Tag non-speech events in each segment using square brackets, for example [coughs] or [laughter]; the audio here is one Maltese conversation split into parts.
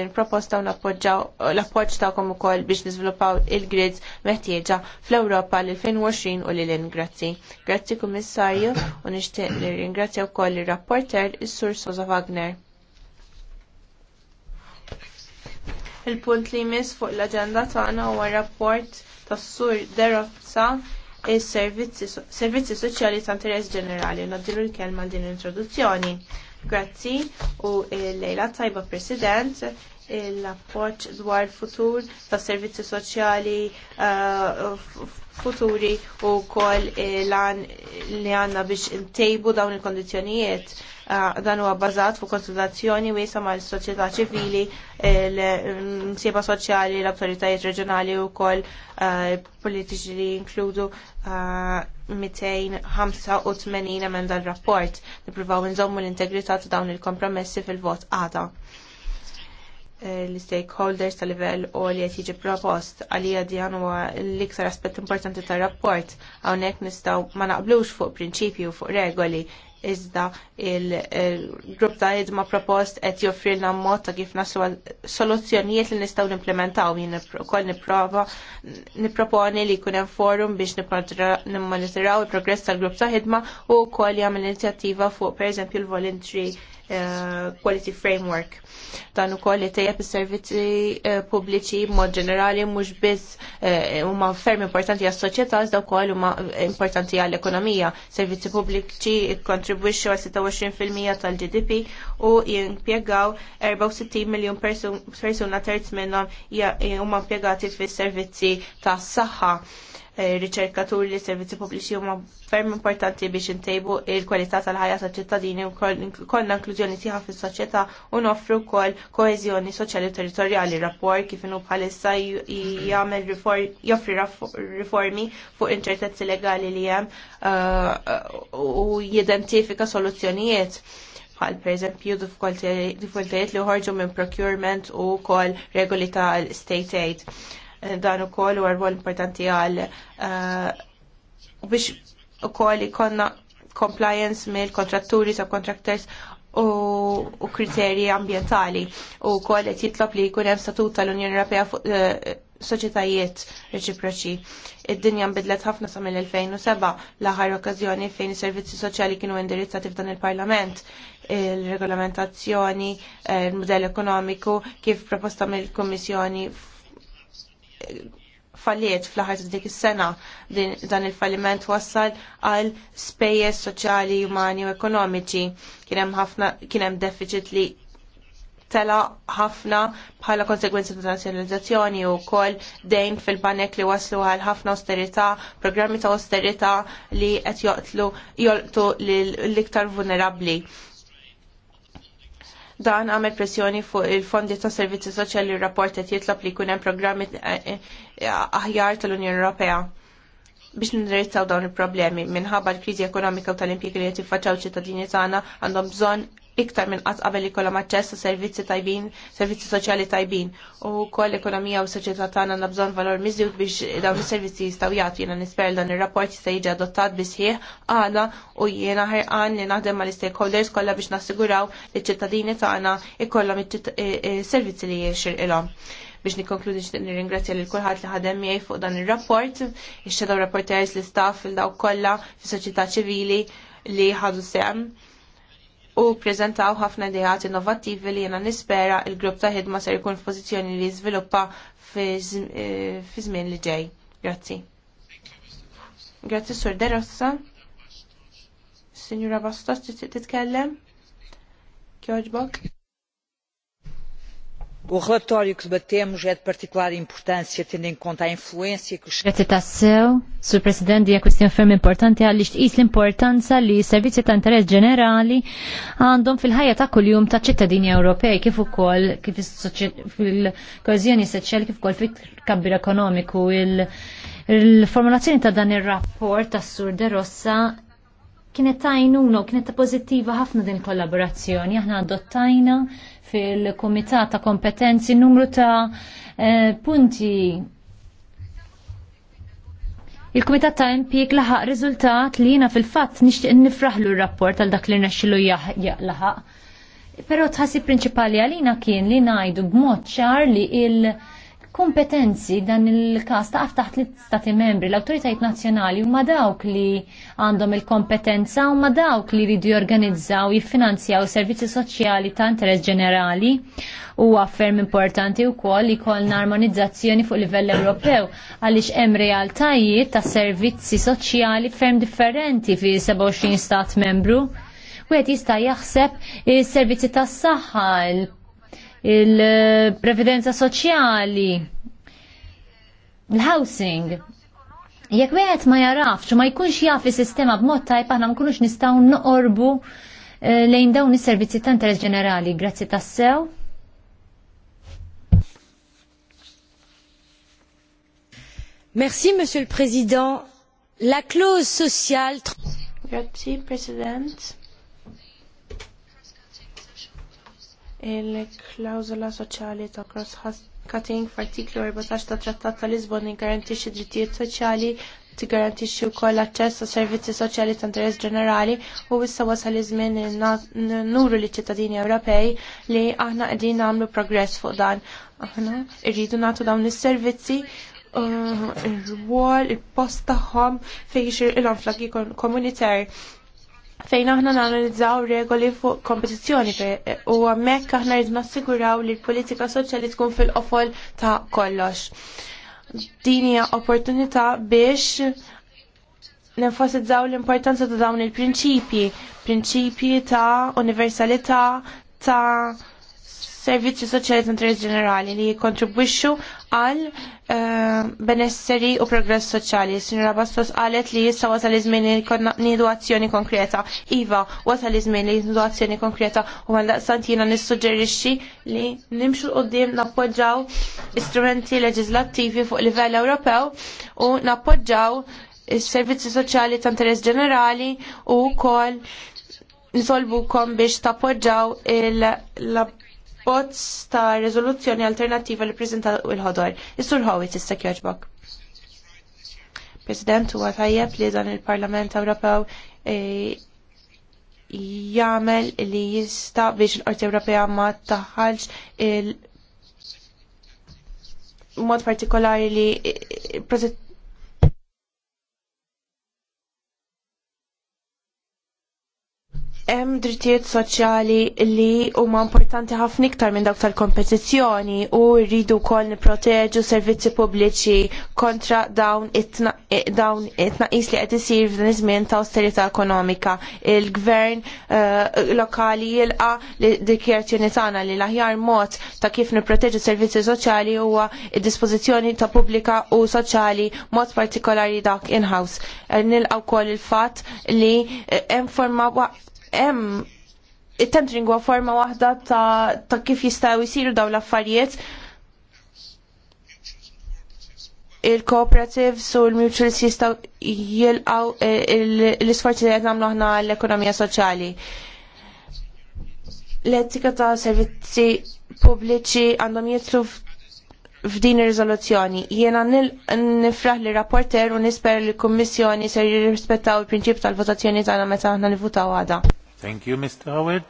il-proposta u l-appoġġ tagħkom ukoll biex niżviluppaw il-grids meħtieġa fl-Ewropa l-2020 u l ingrazzi. Grazzi Kummissarju u nixtieq li ringrazzja wkoll ir-rapporter is-Sur Sosa Wagner. Il-punt li jmiss fuq l-aġenda tagħna huwa rapport tas-Sur Derozza is-servizzi soċjali ta' interess ġenerali. naddilu l-kelma din l-introduzzjoni. Grazzi u lejla tajba President l-appoġġ dwar futur ta' servizzi soċjali uh, futuri u kol lan li għanna biex intejbu dawn il-kondizjonijiet dan huwa bbażat fuq konsultazzjoni wiesa mal-soċjetà ċivili, l-msieba soċjali, l-awtoritajiet reġjonali u wkoll politiċi li jinkludu 285 emenda dal rapport Nippruvaw nżommu l-integrità ta' dawn il-kompromessi fil-vot għada e, l-stakeholders tal livell u li għet jiġi propost għalija di huwa l-iktar aspett importanti tar rapport hawnhekk nistgħu ma naqblux fuq prinċipju fuq regoli iżda il-grupp ta' idma propost qed joffrilna mod ta' kif nasu soluzzjonijiet li nistgħu nimplementaw jien kol nipprova li jkun hemm forum biex nimmonitoraw il-progress tal-grupp ta' ħidma u wkoll jagħmel inizjattiva fuq pereżempju l-voluntary Eh, quality Framework. Dan ukoll li tejjeb is-servizzi eh, pubbliċi b'mod ġenerali mhux biss eh, huma ferm importanti għas-soċjetà iżda wkoll huma importanti għall-ekonomija. Servizzi pubbliċi kontribwixxu għal 26% tal-GDP u jimpjegaw 64 miljun persuna terz minnhom huma impjegati fis-servizzi tas-saħħa. Eh, riċerkaturi li servizzi pubbliċi huma ferm importanti biex intejbu il-kwalità tal-ħajja tal-ċittadini u kollna inklużjoni tieħa fis-soċjetà u noffru wkoll koeżjoni soċjali u territorjali rapport kif inhu bħalissa jagħmel joffri riformi fuq inċertezzi legali li hemm eh, u jidentifika soluzzjonijiet bħal per eżempju diffikultajiet li ħorġu minn procurement u kol regoli tal state aid dan ukoll u rwol importanti għal uh, biex ukoll ikonna compliance mill kontratturi subcontractors u, u kriterji ambientali u kol qed jitlob li jkun hemm statut tal-Unjoni Europea fuq uh, soċjetajiet reċiproċi. Id-dinja nbidlet ħafna sa mill-2007 l-aħħar okkażjoni fejn is-servizzi soċjali kienu indirizzati f'dan il-Parlament il-regolamentazzjoni, eh, il-modell ekonomiku kif proposta mill-Kummissjoni falliet fl-ħar dik is-sena dan il-falliment wassal għal spejjeż soċjali, umani u ekonomiċi. Kien hemm ħafna kien hemm deficit li tela ħafna bħala konsegwenzi ta' nazzjonalizzazzjoni u kol dejn fil-banek li waslu għal ħafna austerita, programmi ta' austerita li qed joqtlu jolqtu l-iktar vulnerabbli dan għamel pressjoni fuq il-fondi ta' servizzi soċjali rapport qed jitlob li jkun hemm programmi eh, eh, aħjar tal-Unjoni Ewropea biex nindirizzaw dawn il-problemi minħabba l-kriżi ekonomika u tal-impjegi li qed ċittadini tagħna għandhom bżonn iktar minn qatt qabel ikollhom aċċess ta' servizzi tajbin, servizzi soċjali tajbin u koll ekonomija u soċjetà tagħna għandna bżonn valur miżjud biex dawn is-servizzi jistgħu jagħtu jiena nisper dan ir-rapport jista' jiġi adottat bi sħiħ għala u jiena ħerqan li naħdem mal-stakeholders kollha biex nassiguraw li ċ-ċittadini tagħna ikollhom is-servizzi li jixirqilhom biex nikonkludi nirringrazzja lil kulħadd li ħadem miegħi fuq dan ir-rapport, ix xedaw rapporters l-istaff il dawk kollha fis-soċjetà ċivili li ħadu sem u prezentaw ħafna ideat innovattivi li jiena nispera l grupp ta' ħidma ser jkun f'pożizzjoni li jiżviluppa eh, fi żmien li ġej. Grazzi. Grazzi Sur Derossa. Signora Bastos titkellem? Kjoġbok? O relatório que debatemos é de particular importância, tendo em conta a influência que os. Grazie tassew, Sur President, hija kwestjoni ferm importanti għaliex tqis l-importanza li servizzi ta' interess ġenerali għandhom fil-ħajja ta' kuljum ta' ċittadini Ewropej kif ukoll kif fil-kożjoni soċjali kif ukoll fil-kabbir ekonomiku il-formulazzjoni ta' dan ir-rapport tas Sur De Rossa kienet tajnuna u kienet ta' pozittiva ħafna din kollaborazzjoni. Aħna adottajna fil-Kumitat ta' Kompetenzi numru ta' eh, punti. Il-Kumitat ta' impjieg laħaq riżultat li jina fil-fatt nixtieq nifraħlu r-rapport għal dak li rnexxilu laħaq. Però tħassi prinċipali għalina kien li ngħidu b'mod ċar li il- kompetenzi dan il-kas taqaf taħt l-istati membri, l awtoritajiet nazjonali u ma dawk li għandhom il-kompetenza u ma dawk li ridu jorganizzaw jiffinanzjaw servizzi soċjali ta' interess ġenerali u affermi importanti u koll li koll armonizzazzjoni fuq livell Ewropew għaliex hemm realtajiet ta' servizzi soċjali ferm differenti fi 27 stat membru. Wieħed jista' jaħseb is-servizzi tas-saħħa, il-previdenza soċjali, il-housing. Jekk wieħed ma jarafx u ma jkunx jaf is-sistema b'mod tajb aħna ma nkunux nistgħu noqorbu eh, lejn dawn is-servizzi ta' interess ġenerali. Grazzi tassew. Merci, Monsieur le Président. La clause sociale. Merci, President Il-klawzola soċjali ta' cross-cutting f'artiklu 14 ta' Trattat ta' Lisbon garantixxi drittijiet soċjali tigarantixxi wkoll aċċess ta' servizzi soċjali ta' interess ġenerali u issa wasal iż-żmien nuru liċ ċittadini Ewropej li aħna qegħdin nagħmlu progress fuq dan. Aħna rridu nagħtu dawn is-servizzi uh, ir wall il-post tagħhom fejn jixir ilhom flaggi fejn aħna nanalizzaw regoli fuq kompetizzjoni u għammek aħna rridna assiguraw li l-politika soċjali tkun fil-qofol ta' kollox. Din hija opportunità biex nenfasizzaw l-importanza ta' dawn il-prinċipji, prinċipji ta' universalità ta' servizzi soċjali ta' interess ġenerali li jikontribwixxu għal eh, benesseri u progress soċjali. Sinjora Bastos qalet li issa wasal iż-żmien li nieħdu azzjoni konkreta. Iva, wasal iż-żmien li nieħdu azzjoni konkreta u għaldaqstant jiena nissuġġerixxi li nimxu l-qudiem nappoġġaw istrumenti leġislattivi fuq livell Ewropew u nappoġġaw is-servizzi soċjali ta' interess ġenerali u wkoll nisolbu kom biex tappoġġaw il-lab bots ta' rezoluzzjoni alternativa li prezenta il-ħodor. Is-sur Howitt issa kjoġbok. President huwa tajjeb li dan il-Parlament Ewropew eh, jagħmel li jista' biex l-Qorti Ewropea ma taħħalx il mod partikolari li eh, hemm drittijiet soċjali li huma importanti ħafna iktar minn dawk tal-kompetizzjoni u rridu wkoll nipproteġu servizzi pubbliċi kontra dawn it-tnaqis li qed isir f'dan iż-żmien ta' austerità ekonomika. Il-gvern eh, lokali jilqa li dikjertjoni tagħna li l-aħjar mod ta' kif nipproteġu servizzi soċjali huwa id-dispożizzjoni ta' pubblika u soċjali mod partikolari dak in-house. Eh, nilqgħu wkoll il-fatt li eh, hemm forma hemm it tentering huwa forma waħda ta', ta kif jistgħu jsiru dawn l-affarijiet il-cooperatives u l-mutuals jistgħu jilqgħu eh, l-isforzi li qed nagħmlu aħna l-ekonomija soċjali l-etika ta' servizzi pubbliċi għandhom jitlu f'din ir-riżoluzzjoni. Jiena nifraħ li rapporter u nisper li l-Kummissjoni ser jirrispettaw il-prinċip tal-votazzjoni tagħna meta aħna nivvutaw għada. Thank you, Mr. Howard.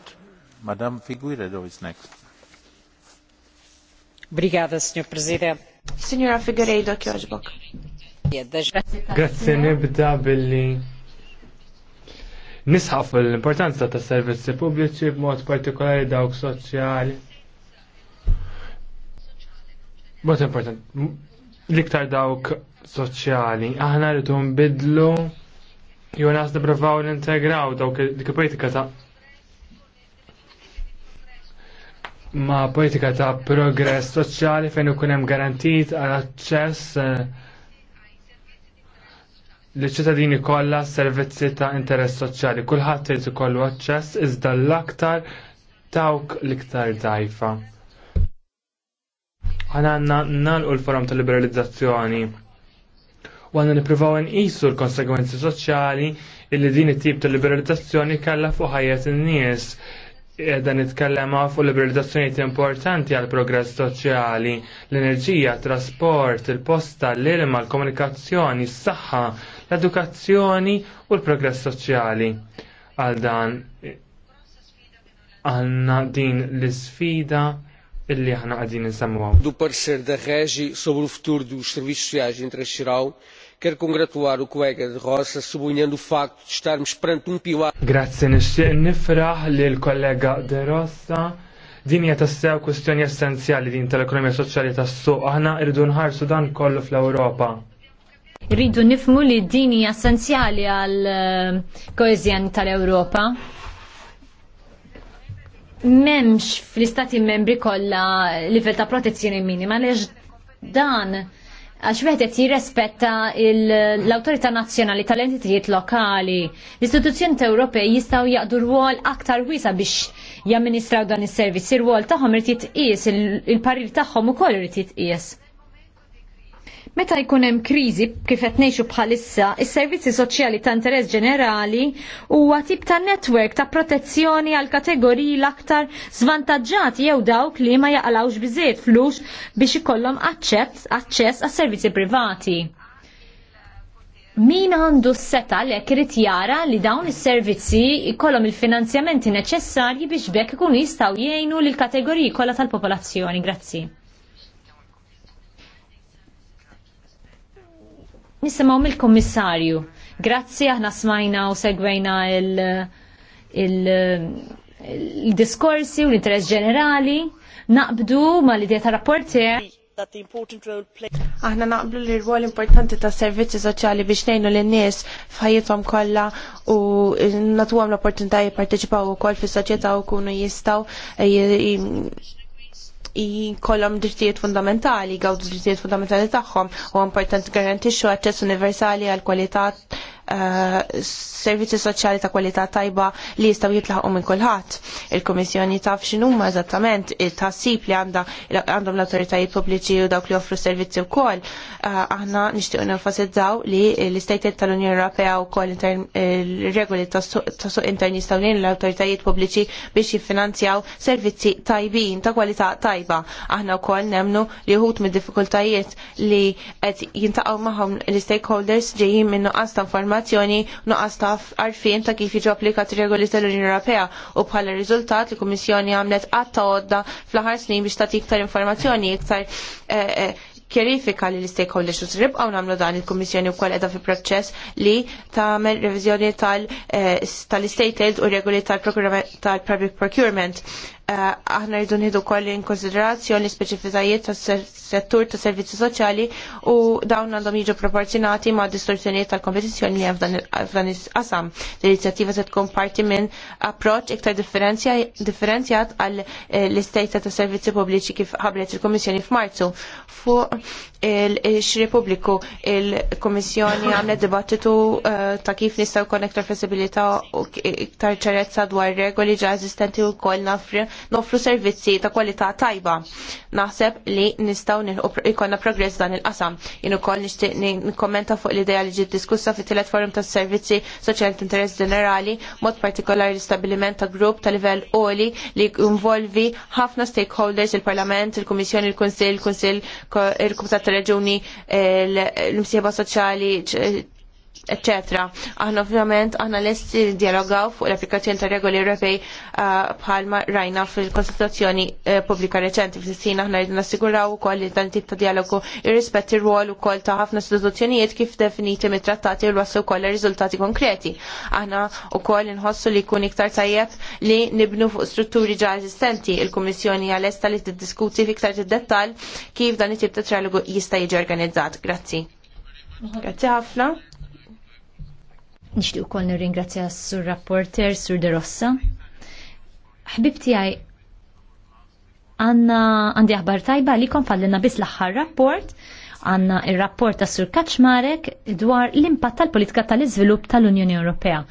Madam Figueredo is next. Brigada, Signor Presidente. Signora Figueredo, kjoġbok. Grazie, nibda billi nisħaf l-importanza ta' servizzi pubbliċi b'mod partikolari dawk soċjali. Mod importanti, l-iktar dawk soċjali, aħna rridu nbidlu jew nas nippruvaw nintegraw dawk dik politika ta' ma' politika ta' progress soċjali fejn ikun hemm garantit għal aċċess eh, li ċittadini kollha servizzi ta' interess soċjali. Kulħadd irid ikollu aċċess iżda l-aktar dawk l-iktar dajfa. Għana għanna nalqu l-forum tal-liberalizzazzjoni u għanna niprivaw nqisu l-konsegwenzi soċjali illi din it-tip ta' liberalizzazzjoni kalla fuq ħajjet in-nies. Dan it-kallema fuq liberalizzazzjoni importanti għal progress soċjali, l-enerġija, trasport, il-posta, l-ilma, l-komunikazzjoni, s-saħħa, l-edukazzjoni u l-progress soċjali. Għal dan għanna din l-sfida illi ħana għadin nsemmuha. Du parser daħħeġi sobru ftur du servizzi għaġi ntrexxiraw Ker kongratuar u colega de Roça, sublinhando o facto de estarmos perante um Grazie, nixtieq nifraħ lil kollega de Rossa. Din hija tassew kwestjoni essenzjali din tal-ekonomija soċjali tas-suq. Aħna rridu nħarsu dan kollu fl-Ewropa. Rridu nifmu li din hija essenzjali għal eh, koeżjani tal-Ewropa memx fl-istati membri kolla livell ta' protezzjoni minima lex dan għax vedet jirrespetta l-autorità nazzjonali tal-entitijiet lokali. L-istituzzjoni Ewropej jistaw jaqdu rwol aktar wisa biex jamministraw dan is-servizz. Ir-rwol tagħhom irid jitqies, il-parir tagħhom ukoll irid jitqies. Meta jkun hemm kriżi kif qed ngħixu bħalissa, is-servizzi soċjali ta' interess ġenerali huwa tip ta' netwerk ta' protezzjoni għal kategoriji l-aktar zvantaġġati jew dawk li ma jaqalawx biżejjed flux biex ikollhom aċċess għas servizzi privati. Min għandu s-seta li irid jara li dawn is-servizzi jkollhom il-finanzjamenti neċessarji biex bekk kun jistgħu jgħinu lill kategoriji kollha tal-popolazzjoni. Grazzi. Nisimaw mill-Kommissarju. Grazzi aħna smajna u segwejna il-diskorsi u l-interess ġenerali. Naqbdu ma l-idea ta' Aħna naqblu li r-rwol importanti ta' servizzi soċjali biex nejnu l-nies f'ħajjithom kollha u natuhom l-opportunità jipparteċipaw ukoll fis-soċjetà u kunu jistgħu jkollhom drittijiet fundamentali, għaw drittijiet fundamentali tagħhom u importanti garantixxu aċċess universali għal kwalità Eh, servizzi soċjali ta' kwalità tajba li jistgħu jitlaħqu minn kulħadd. Il-Kummissjoni taf x'inhuma eżattament il tassib li għandhom l-awtoritajiet pubbliċi u dawk li joffru servizzi wkoll. Eh, aħna nixtiequ nenfasizzaw li l-istejtiet tal-Unjoni Ewropea wkoll regoli ta' suq intern jistgħu lejn l-awtoritajiet pubbliċi biex jiffinanzjaw servizzi tajbin ta' kwalità tajba. Aħna wkoll nemnu li wħud mid-diffikultajiet li qed jintaqgħu magħhom l-stakeholders ġejjin minn nuqqas ta' informazzjoni nuqqas ta' għarfien ta' kif jiġu applikat regoli tal-Unjoni Ewropea u bħala riżultat li kummissjoni għamlet għatta għodda fl-aħħar snin biex tagħti iktar informazzjoni iktar eh, eh, kjerifika li l-stakeholders u s-rib għaw namlu dan il-Komissjoni u kol edha fi proċess li tamer revizjoni tal-state eh, aid u regoli tal-public procurement Eh, aħna rridu nieħdu wkoll in konsiderazzjoni speċifiżajiet tas-settur tas servizzi soċjali u dawn għandhom jiġu proporzjonati ma' distorsjonijiet tal-kompetizzjoni li f'dan is-qasam. L-inizjattiva se tkun parti minn approċċ iktar differenzjat għall eh, istejta tas servizzi pubbliċi kif ħabret il-Kummissjoni f'Marzu fuq il-Republiku il-Komissjoni [coughs] għamlet dibattitu eh, ta' kif nistaw konnektar flessibilità u iktar ċerezza dwar regoli ġa eżistenti u kol nofru servizzi ta' kwalità tajba. Naħseb li nistaw ikonna progress dan il-qasam. Jien ukoll nixtieq nikkommenta fuq l ideja li ġiet diskussa fit tielet forum tas servizzi soċjali ta' interess ġenerali, mod partikolari l-istabiliment ta' grupp ta' livell oli li involvi ħafna stakeholders il-Parlament, il komissjoni il konsil il-Kunsill, il reġuni eh, l-imsieba soċjali etc. Aħna ovvjament aħna lest dialogaw fuq l-applikazzjoni ta' regoli Ewropej uh, bħalma rajna fil-Kostituzzjoni uh, Pubblika reċenti fis-sin aħna rridu nassiguraw ukoll li dan tip ta' dialogu irrispetti r-rwol ukoll ta' ħafna istituzzjonijiet kif definiti mit-trattati u wassu ir riżultati konkreti. Aħna ukoll inħossu li jkun iktar tajjeb li nibnu fuq strutturi ġa eżistenti. Il-Kummissjoni għalesta li tiddiskuti fiktar id dettall kif dan it-tip ta' trialogu jista' jiġi organizzat. Grazzi. Grazzi ħafna u ukoll nirringrazzja sur rapporter Sur De Rossa. Ħbib tiegħi għandna għandi aħbar tajba li kon fallinna biss l-aħħar rapport għanna il-rapport ta' Sur Kaċmarek dwar l-impatt tal-politika tal-iżvilupp tal-Unjoni Ewropea.